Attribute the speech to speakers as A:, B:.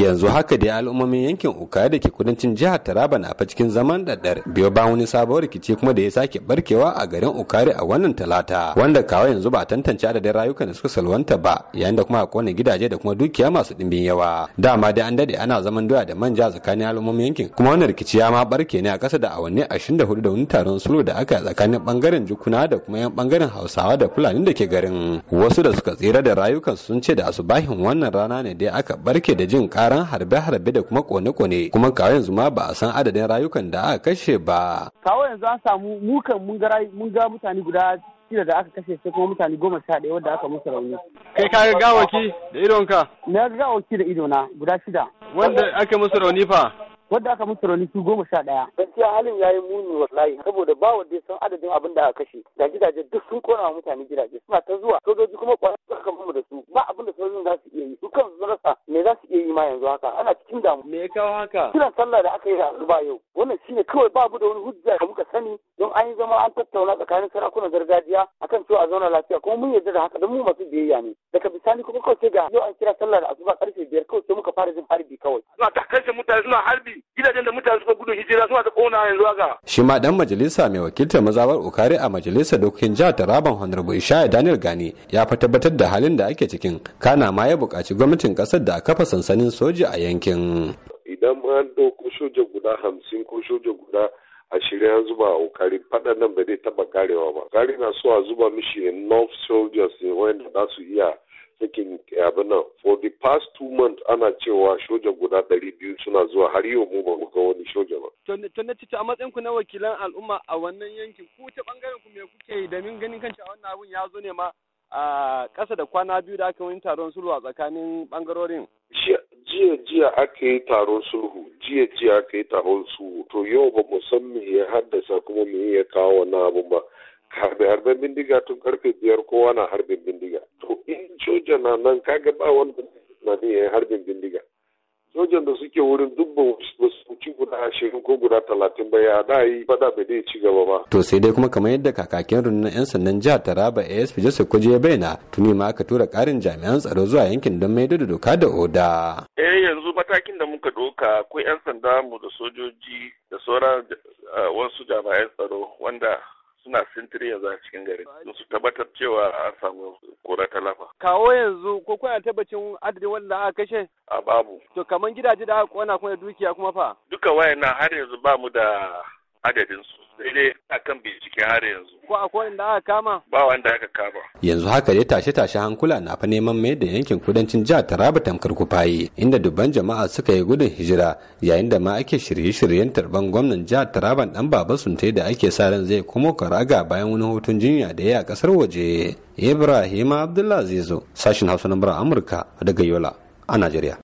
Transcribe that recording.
A: yanzu haka dai al'ummomin yankin uka da ke kudancin jihar taraba na fa cikin zaman daddare biyo ba wani sabon rikici kuma da ya sake barkewa a garin ukari a wannan talata wanda kawai yanzu ba tantance adadin rayukan da suka salwanta ba yayin da kuma a kone gidaje da kuma dukiya masu dimbin yawa dama dai an dade ana zaman doya da manja tsakanin al'ummomin yankin kuma wannan rikici ya ma barke ne a kasa da awanni 24 da wani taron sulhu da aka yi tsakanin bangaren jukuna da kuma yan bangaren hausawa da fulani da ke garin wasu da suka tsira da rayukan sun ce da asubahin wannan rana ne dai aka barke da jin ka karan harbe-harbe da kuma kone-kone kuma kawo yanzu ma ba a san adadin rayukan da aka kashe ba.
B: Kawo yanzu an samu mukan mun ga mutane guda shida da aka kashe sai kuma mutane goma sha ɗaya wadda aka musu rauni.
A: Kai ka ga gawaki
B: da idonka? Na ga gawaki da idona guda shida. Wanda aka musu rauni fa? Wadda aka musu rauni su goma sha ɗaya. Gaskiya halin ya yi muni wallahi saboda ba wanda san adadin abin da aka kashe. Da gidaje duk sun kona mutane gidaje suna ta zuwa sojoji kuma ƙwararru suka kama da su ba abin da sojojin za su iya yi su kansu rasa me za su iya yi ma yanzu haka ana cikin damu me ya kawo haka kiran sallah da aka yi da asuba yau wannan shine kawai babu da wani hujja da muka sani don an yi zama an tattauna tsakanin sarakunan gargajiya akan cewa a zauna lafiya kuma mun yarda da haka don mu masu biyayya ne daga bisani kuma kawai sai ga yau an kira sallah da asuba karfe biyar kawai sai muka fara jin
C: harbi kawai suna kashe mutane suna harbi gidajen da mutane suka gudu hijira suna ta kona yanzu haka
A: shi ma dan majalisa mai wakiltar mazabar ukari a majalisar dokokin jihar taraban honorable ishaya daniel gani ya fa tabbatar da halin da ake cikin kana ma ya buƙaci gwamnatin ƙasar da kafa sansanin soja a yankin
D: idan an ɗauko soja guda hamsin ko soja guda ashirin an zuba a kokari faɗan nan ba zai taɓa karewa ba kari na so a zuba mishi enough soldiers ne wanda za su iya sakin abin nan for the past two months ana cewa soja guda ɗari biyu suna zuwa har yau mu ba mu ga wani soja ba.
C: to na a matsayin ku na wakilan al'umma a wannan yankin ku ta ɓangarenku ku me kuke yi domin ganin kanci a wannan abun ya zo ne ma a ƙasa da kwana biyu da aka yi taron sulhu a tsakanin ɓangarorin.
D: Jiya jiya aka yi taron sulhu, jiya jiya aka yi taron sulhu, to yau ba mu san me ya haddasa kuma me ya kawo wani abu ba. Harbe harben bindiga tun karfe biyar kowa na harbin bindiga. To in soja na nan kaga ba bindiga. na ne ya harbin bindiga. Sojan da suke wurin duk ba su cikin guda ashirin ko guda talatin ba ya da yi fada bai dai ci gaba ba.
A: To sai dai kuma kamar yadda kakakin rundunar 'yan sandan jihar Taraba ASP Joseph Kwaje ya bayyana tuni ma aka tura karin jami'an tsaro zuwa yankin don maido da doka da oda.
D: Eh yanzu matakin da muka doka akwai 'yan sanda mu da sojoji da sauran eh, wasu jami'an tsaro wanda suna sintiri yanzu a cikin gari su tabbatar cewa an samu Ko ta lafa.
C: Kawo yanzu ko kuna tabbacin adadin wanda aka kashe?
D: A babu. To
C: kamar gidaje da aka kona kuma dukiya kuma fa?
D: Duka wayan har yanzu ba mu da adadin su sai dai akan bincike har yanzu
C: ko akwai inda aka kama
D: ba wanda aka kama
A: yanzu haka dai tashe tashe hankula na fa neman mai da yankin kudancin jihar Taraba tamkar kufayi inda dubban jama'a suka yi gudun hijira yayin da ma ake shirye-shiryen tarban gwamnan jihar Taraba dan baba suntai da ake sa ran zai kuma karaga bayan wani hoton jinya da ya a kasar waje Ibrahim Abdullah Zizo sashin Hausa na Amurka daga Yola a Najeriya